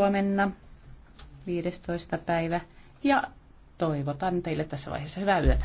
huomenna 15. päivä ja toivotan teille tässä vaiheessa hyvää yötä.